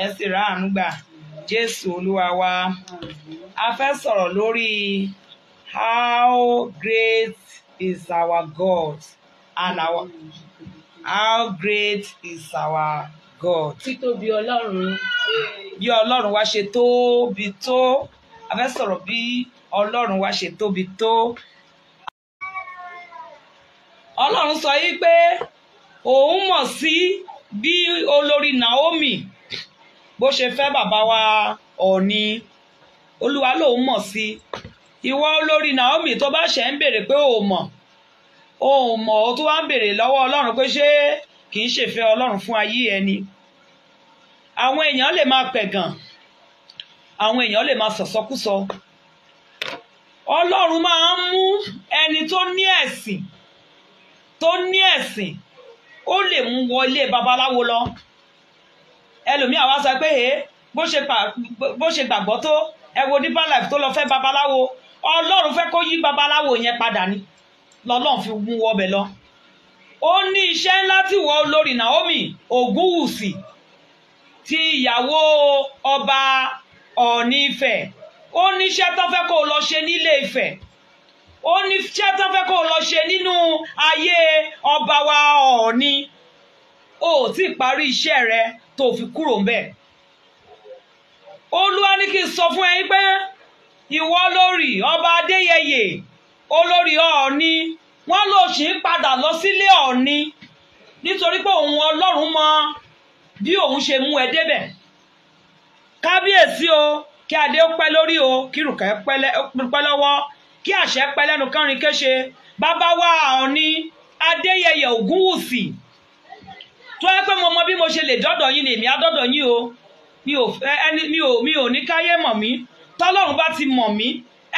ẹ sì ráàánú gbà jésù olúwa wa a fẹ́ sọ̀rọ̀ lórí how great is our God and our how great is our God. títóbi ọlọ́run. bí ọlọ́run wa ṣe tóbi tó a fẹ́ sọ̀rọ̀ bí ọlọ́run wa ṣe tóbi tó. ọlọ́run sọ yìí pé òun mọ̀ sí. bí olórí Naomi bó ṣe fẹ́ bàbá wa ọ̀ọ́ni olúwa lòun mọ̀ sí ìwọ olórí Naomi tó bá ṣẹ̀ ń béèrè pé ò mọ̀ ò mọ̀ ó tún wá ń béèrè lọ́wọ́ ọlọ́run pé ṣé kì í ṣèfẹ́ ọlọ́run fún ayé ẹni àwọn èèyàn lè máa pẹ̀gàn àwọn èèyàn lè máa sọ̀sọ́kúsọ ọlọ́run máa ń mú ẹni tó ní ẹ̀sìn tó ní ẹ̀sìn ó lè mú wọ ilé babaláwo lọ ẹlòmíà wá sọ pé bó ṣe gbàgbọ́ tó ẹ wo ní bàlá tó lọ fẹ́ babaláwo ọlọ́run fẹ́ kó yí babaláwo yẹn padà ni lọ́lọ́run fi mú wọbẹ̀ lọ ó ní iṣẹ́ ńlá tí wọ́n olórí Naomi Ògúnwùsì ti ìyàwó ọba Ọ̀ọ̀ni Ifẹ̀ ó ní iṣẹ́ tó fẹ́ kó lọ ṣe nílé Ifẹ̀ ó ní iṣẹ́ tó fẹ́ kó lọ ṣe nínú ayé ọba wa ọ̀ọ́ni o ò tí ì parí iṣẹ́ rẹ tó fi kúrò ńbẹ̀ olúwa ní kí n sọ fún ẹ̀yin pé ìwọ lórí ọba adéyẹyè olórí ọ̀ọ́ni wọ́n lò sí ń padà lọ sílé ọ̀ọ́ni nítorí pé òun ọlọ́run mọ bí òun ṣe mú ẹ débẹ̀ kábíyèsí o kí adé pẹ́ lórí o kí rùkẹ́ pẹ́ lọ́wọ́ kí àṣẹ pẹ́ lẹ́nu kánrin kéṣe bàbá wa ọ̀ọ́ni adéyẹyẹ ògúnwùsì tó yẹ pé mo mọ bí mo ṣe lè dọ́dọ̀ yín ni èmi á dọ́dọ̀ yín o mi ò ẹni mi ò mi ò ní káyé mọ̀ mí tọ́lọ́run bá ti mọ̀ mí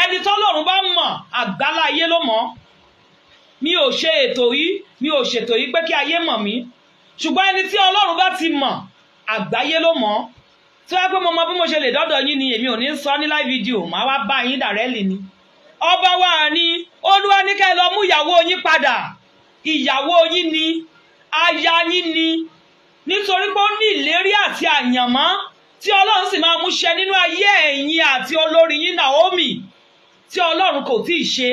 ẹni tọ́lọ́run bá mọ̀ àgbálá ayé ló mọ̀ mi ò ṣe ètò yìí mi ò ṣètò yìí pé kí ayé mọ̀ mí ṣùgbọ́n ẹni tí ọlọ́run bá ti mọ̀ àgbáyé ló mọ̀ tí wọ́n pé mo mọ bí mo ṣe lè dọ́dọ̀ yín ni èmi ò ní sọ ní live video màá wá bá yín dàrẹ́lì ni ọba wa ni olúwa ní ká ẹ lọ mú ìyàwó yín padà ìyàwó yín ni aya yín ni nítorí pé ó ní ìlérí àti àyànmọ́ tí ọlọ́run sì máa mú ṣẹ nínú ayé ẹ̀yin àti olórí yín Naomi tí ọlọ́run kò tí ì ṣe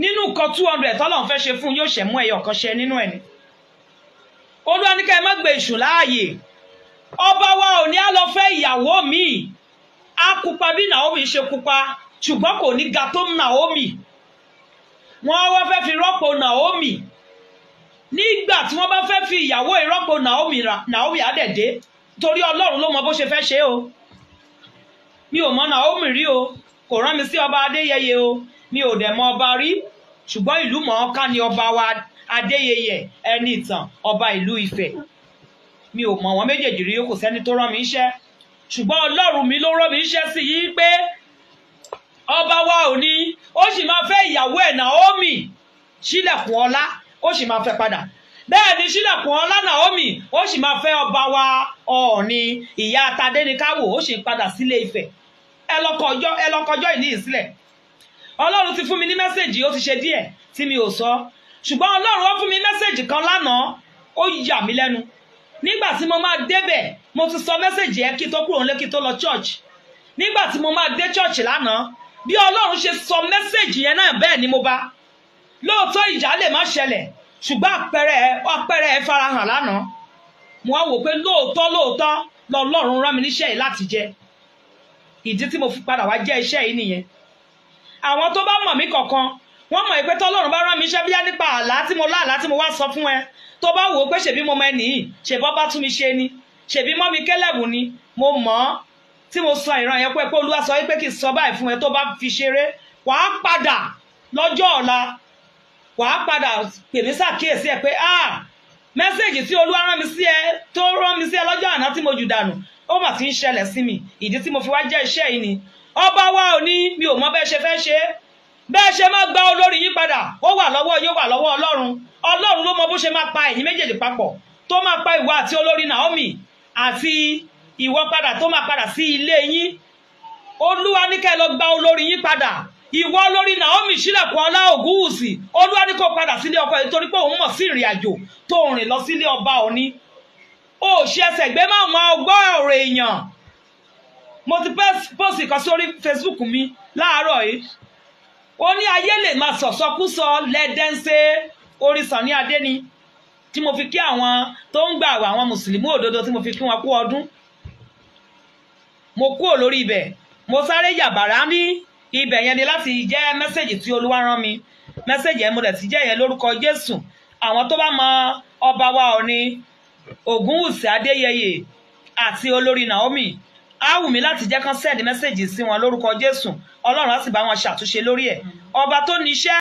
nínú nǹkan two hundred tọ́lọ́run fẹ́ ṣe fún yóò ṣẹ̀ mú ẹyọ kan ṣẹ nínú ẹ̀ ni olúwa ní ká ẹ má gbé èṣù láàyè ọba wa ò ní á lọ fẹ́ ìyàwó mi á kupa bí Naomi ṣe kupa ṣùgbọ́n kò ní ga tó Naomi wọ́n wá fẹ́ fi rọ́pò Naomi nígbà tí wọ́n bá fẹ́ fi ìyàwó ìrọ́pò Naomi Naomi àdẹ̀dẹ́ torí Ọlọ́run ló mọ bó ṣe fẹ́ ṣe o mi ò mọ Naomi rí o kò rán mi sí ọba Adéyẹyẹ o mi ò dẹ̀ mọ ọba rí ṣùgbọ́n ìlú mọ̀ọ́ká ni ọba wa Adéyẹyẹ ẹni ìtàn ọba ìlú Ifẹ̀ mi ò mọ̀ wọ́n méjèèjì rí kò sẹ́ni tó rán mi iṣẹ́ ṣùgbọ́n Ọlọ́run mi ló rán mi iṣẹ́ sí yí pé ọba wa ò ní ó sì máa fẹ́ ìyàwó ẹ̀ Naomi sílẹ̀kùn ọlá ó sì máa fẹ́ padà bẹ́ẹ̀ ni sílẹ̀kùn ọlá Naomi ó sì máa fẹ́ ọba wa Ọọ̀ni ìyá Tadénikáwò ó sì padà sílé Ifẹ̀ ẹ lọ́kọjọ́ ẹ lọ́kọjọ́ ìní ìsílẹ̀ Ọlọ́run ti fún mi ní mẹ́sẹ̀gì ó ti ṣe díẹ̀ tí mi ò sọ ṣùgbọ́n Ọlọ́run ó fún mi mẹ́sẹ̀gì kan lánàá ó yà mí lẹ́nu nígbà tí mo máa débẹ̀ mo ti sọ mẹ́sẹ̀gì ẹ kí tó kúrò nílé kí tó lọ church nígbà tí mo máa dé church lánàá bí ọlọ́run ṣe sọ mẹ́sẹ̀gì yẹn náà bẹ́ẹ̀ ni mo bá lóòótọ́ ìjà lè má ṣẹlẹ̀ ṣùgbọ́n àpẹẹrẹ àpẹẹrẹ ẹ farahàn lánàá mo á wò pé lóòótọ́ lóòótọ́ lọ́lọ́run rán mi níṣẹ́ yìí láti jẹ ìdí tí mo fi padà wá jẹ́ iṣẹ́ yìí nìyẹn àwọn tó bá mọ̀ mí kọ̀ọ̀kan wọ́n mọ̀ pé tọ́lọ́run bá rán mi iṣẹ́ bíyá nípa àlá tí mo láàlá tí mo wá sọ fún ẹ tó bá wò ó pé ṣèbí mo mọ ẹnì yìí ṣèbọ́ bá tún mi ṣe ni ṣèbí mọ́ mi kélẹ̀bù ni mo mọ̀ ọ́ tí mo sọ ìran yẹn pé pé olúwa sọ pé kì í sọ báyìí fún ẹ tó bá fi ṣeré á padà lọ́jọ́ ọ̀la á padà pè mí ṣàkíyèsí ẹ pé ah mẹ́sẹ̀gì tí olúwa rán mi sí ẹ tó rán mi sí ẹ lọ́jọ́ àná tí mo jù dànù ó mà ti ń ṣẹlẹ̀ sí mi ìdí tí mo fi wá jẹ́ iṣẹ́ yìí ni wa ò ní mi ò mọ bẹ́ẹ̀ ṣe fẹ́ ṣe bẹ́ẹ̀ ṣe gba olórí yín padà ó wà lọ́wọ́ wà lọ́wọ́ ọlọ́run ọlọ́run mọ bó ṣe máa pa méjèèjì papọ̀ tó máa pa àti olórí Naomi àti ìwọ padà tó máa padà sí ilé yín olúwa ní kẹ́ lọ gba olórí yín padà ìwọ olórí Naomi sílẹ̀kùn ọlá ògúnwùsì olúwa ní kó padà sílé ọkọ yìí torí pé òun mọ̀ sí ìrìn àjò tó rìn lọ sílé ọba òní ó ṣe ẹsẹ̀ gbé má mọ ọgbọ́ ọ̀rọ̀ èèyàn mo ti pọ́sì kan sórí Facebook mi láàárọ̀ yìí ó ní ayé lè máa sọ̀sọ́kúsọ lẹ́dẹ́ńsẹ́ orí Sàní Adé ni tí mo fi kí àwọn tó ń gbà àwọn mùsùlùmí òdodo tí mo fi kí wọn kú ọdún mo kúrò lórí ibẹ̀ mo sáré yàbàrá ní ibẹ̀ yẹn ni láti jẹ́ mẹ́sẹ̀gì tí olúwa rán mi mẹ́sẹ̀gì yẹn mo dẹ̀ ti jẹ́ yẹn lórúkọ jésù àwọn tó bá mọ ọba wa ọ̀ni ògúnwùsì adéyẹyẹ àti olórí naomi á wù mí láti jẹ́ kán sẹ́ẹ̀dì mẹ́sẹ̀gì sí wọn lórúkọ jésù ọlọ́run á sì bá wọn ṣàtúnṣe lórí ẹ̀ ọba tó níṣẹ́